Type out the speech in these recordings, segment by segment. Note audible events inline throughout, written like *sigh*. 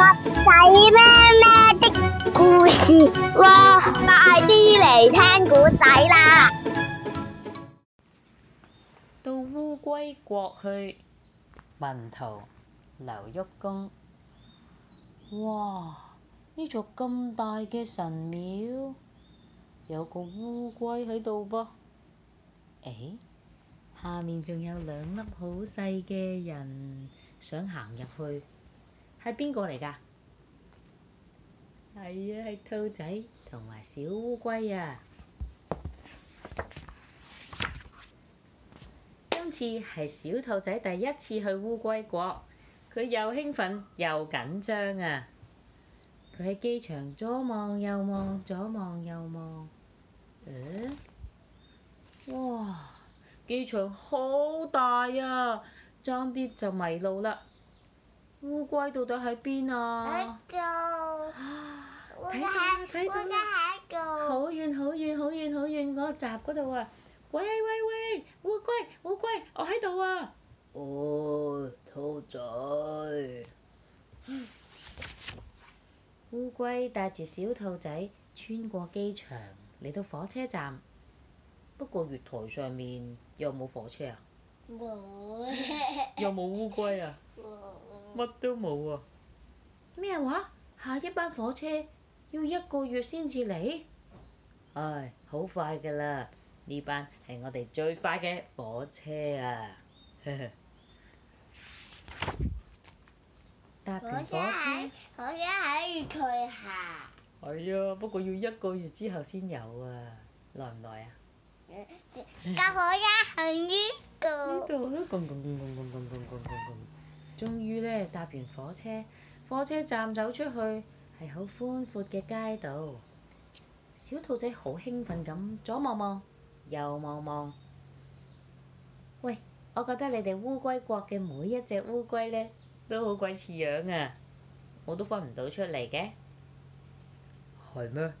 仔咩咩的故事哇！快啲嚟聽古仔啦！到烏龜國去，文圖劉旭恭。哇！呢座咁大嘅神廟，有個烏龜喺度噃。誒，下面仲有兩粒好細嘅人想行入去。係邊個嚟㗎？係啊，係兔仔同埋小烏龜啊！今次係小兔仔第一次去烏龜國，佢又興奮又緊張啊！佢喺機場左望右望，左望右望，誒、嗯啊？哇！機場好大啊，爭啲就迷路啦～烏龜到底喺邊啊？喺度。睇到睇到，好遠好遠好遠好遠嗰個閘嗰度啊！喂喂喂，烏龜烏龜，我喺度啊！哦，兔仔， *laughs* 烏龜帶住小兔仔穿過機場嚟到火車站，不過月台上面有冇火車啊？冇沒有。 *laughs* 有冇烏龜啊？乜都冇啊！咩話？下一班火車要一個月先至嚟。唉，好快㗎啦！呢班係我哋最快嘅火車啊！哈哈。火車喺，火車喺對下。係啊，不過要一個月之後先有啊，耐唔耐啊？夠火車喺呢度。呢度，咣咣咣咣咣咣咣。終於呢搭完火車，火車站走出去係好寬闊嘅街道。小兔仔好興奮咁左望望，右望望。喂，我覺得你哋烏龜國嘅每一隻烏龜呢，都好鬼似樣啊！我都分唔到出嚟嘅。係咩？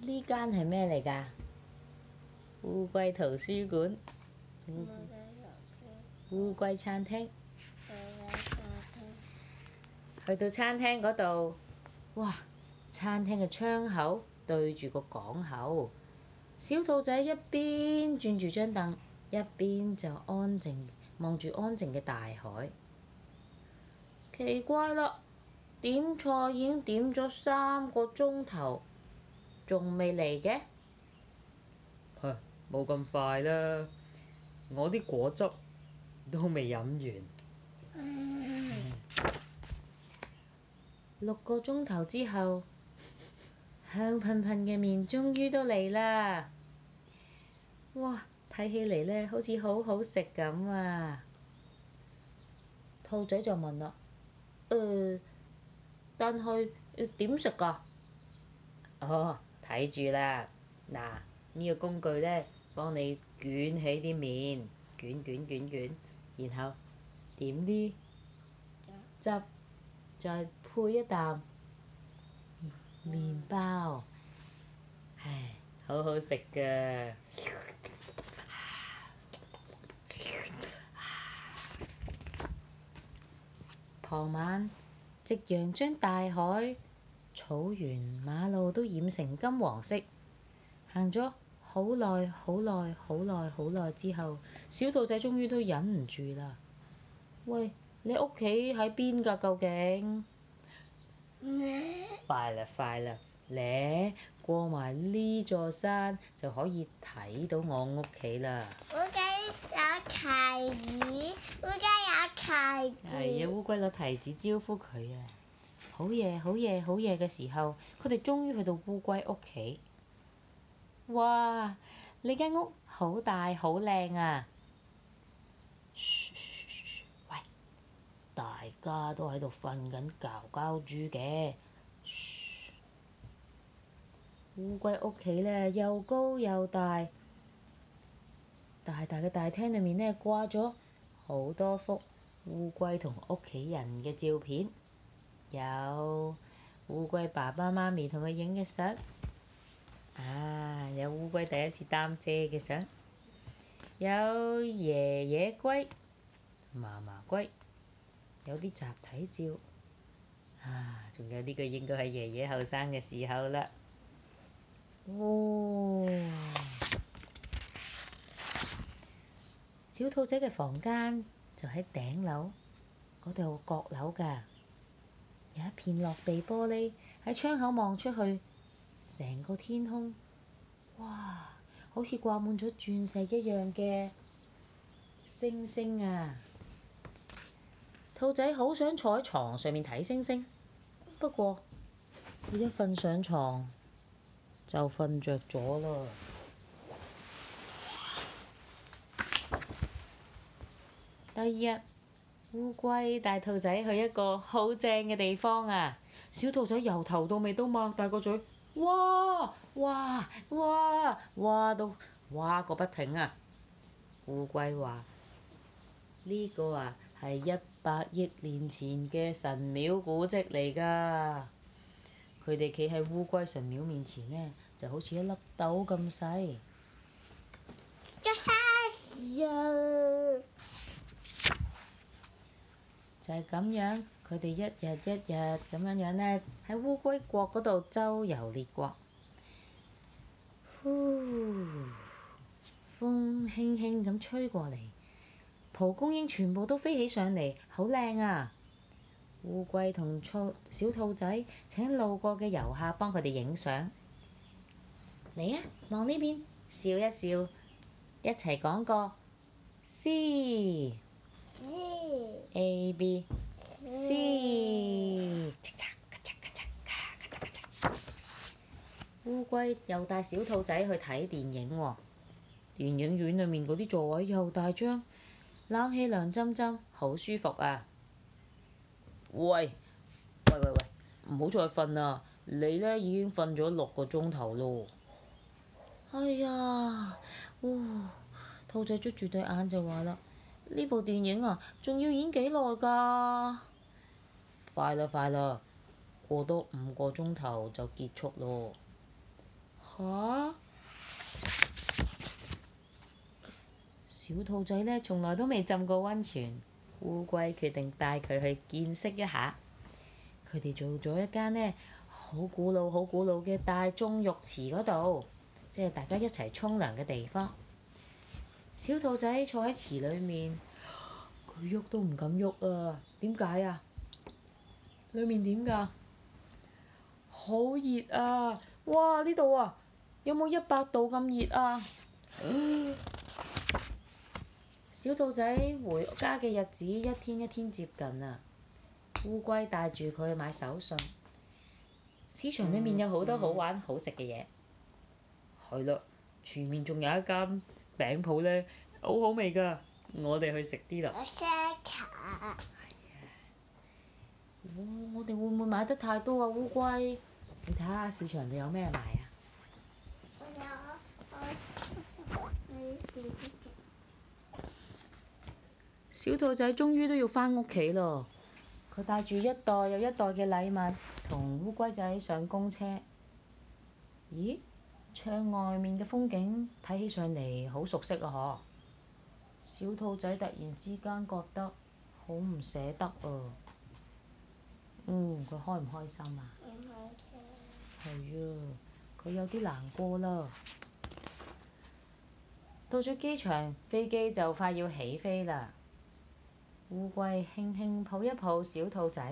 呢間係咩嚟㗎？烏龜圖書館。烏龜餐廳，去到餐廳嗰度，哇！餐廳嘅窗口對住個港口，小兔仔一邊轉住張凳，一邊就安靜望住安靜嘅大海。奇怪啦，點菜已經點咗三個鐘頭，仲未嚟嘅？嚇，冇咁快啦，我啲果汁。都未飲完。嗯，六個鐘頭之後，香噴噴嘅麵終於都嚟啦！哇，睇起嚟呢好似好好食咁啊！兔仔就問啦：，呃，但係要點食㗎？呃、哦，睇住啦！嗱，呢、呢個工具呢，幫你捲起啲麵，捲捲捲捲。捲捲然後點啲汁，再配一啖麵包，唉，好好食㗎。傍、 *laughs* *laughs* 啊 *laughs* 啊、晚，夕陽將大海、草原、馬路都染成金黃色，行咗。好耐，好耐，好耐，好耐之後，小兔仔終於都忍唔住啦！喂，你屋企喺邊㗎，究竟？ *laughs* 快啦，快啦，嚟！過埋呢座山就可以睇到我屋企啦。烏龜有提子，烏龜有提子。係啊、哎，烏龜攞提子招呼佢啊！好夜，好夜，好夜嘅時候，佢哋終於去到烏龜屋企。哇！你間屋好大好靚啊！噓、噓、噓、噓、喂，大家都喺度瞓緊覺覺豬嘅。呃、烏龜屋企呢又高又大，大大嘅大廳裏面呢掛咗好多幅烏龜同屋企人嘅照片，有烏龜爸爸媽咪同佢影嘅相。啊！有烏龜第一次擔遮嘅相，有爺爺龜、嫲嫲龜，有啲集體照。啊！仲有呢個應該係爺爺後生嘅時候啦。哦，小兔仔嘅房間就喺頂樓，嗰度有閣樓㗎，有一片落地玻璃喺窗口望出去。成個天空，哇！好似掛滿咗鑽石一樣嘅星星啊！兔仔好想坐喺床上面睇星星，不過一瞓上床就，就瞓着咗啦。第二日，烏龜帶兔仔去一個好正嘅地方啊！小兔仔由頭到尾都擘大個嘴。哇哇哇哇到哇，哇個不停啊！烏龜話：呢個啊係一百億年前嘅神廟古蹟嚟㗎。佢哋企喺烏龜神廟面前呢，就好似一粒豆咁細。Yeah. 就生係咁樣。佢哋一日一日咁樣樣呢，喺烏龜國嗰度周遊列國。呼，風輕輕咁吹過嚟，蒲公英全部都飛起上嚟，好靚啊！烏龜同兔小兔仔請路過嘅遊客幫佢哋影相。嚟啊，望呢邊，笑一笑，一齊講個 C，A B。先，烏龜、嗯、又帶小兔仔去睇電影喎。電影院裏面嗰啲座位又大張，冷氣涼浸浸，好舒服啊！喂喂喂喂，唔好再瞓啦！你呢已經瞓咗六個鐘頭咯。哎呀，哇、呃！兔仔捉住對眼就話啦：呢部電影啊，仲要演幾耐㗎？快啦，快啦！過多五個鐘頭就結束咯。嚇、啊！小兔仔咧，從來都未浸過温泉。烏龜決定帶佢去見識一下。佢哋做咗一間咧，好古老、好古老嘅大眾浴池嗰度，即係大家一齊沖涼嘅地方。小兔仔坐喺池裏面，佢喐都唔敢喐啊！點解啊？裡面點㗎？好熱啊！哇！呢度啊，有冇一百度咁熱啊？ *laughs* 小兔仔回家嘅日子一天一天接近啊！烏龜帶住佢去買手信。市場裡面有好多好玩好食嘅嘢。係咯、嗯，前面仲有一間餅鋪呢，好好味㗎！我哋去食啲啦。我識炒。 *laughs* 哦，我哋會唔會買得太多啊？烏龜，你睇下市場度有咩賣啊？ *laughs* 小兔仔終於都要翻屋企咯！佢帶住一袋又一袋嘅禮物，同烏龜仔上公車。咦？窗外面嘅風景睇起上嚟好熟悉咯，嗬！小兔仔突然之間覺得好唔捨得喎、啊。嗯，佢開唔開心啊？唔開心。係啊，佢有啲難過啦。到咗機場，飛機就快要起飛啦。烏龜輕輕抱一抱小兔仔。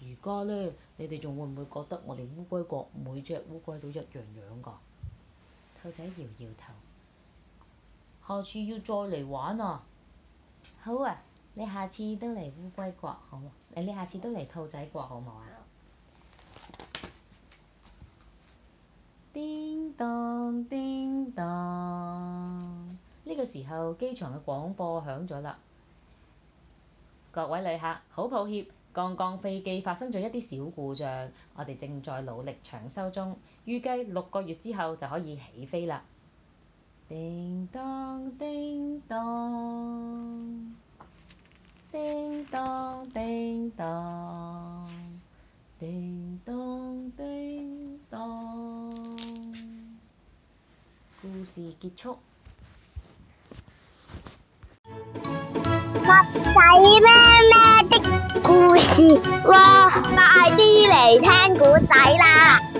而家呢，你哋仲會唔會覺得我哋烏龜國每隻烏龜都一樣樣㗎？兔仔搖搖頭。下次要再嚟玩啊！好啊。你下次都嚟烏龜國好，你下次都嚟兔仔國好冇啊？叮當叮當，呢個時候機場嘅廣播響咗啦。各位旅客，好抱歉，剛剛飛機發生咗一啲小故障，我哋正在努力搶修中，預計六個月之後就可以起飛啦。叮當叮當。叮噹叮噹，叮噹叮噹。故事結束。襪仔咩咩的故事喎？快啲嚟聽古仔啦！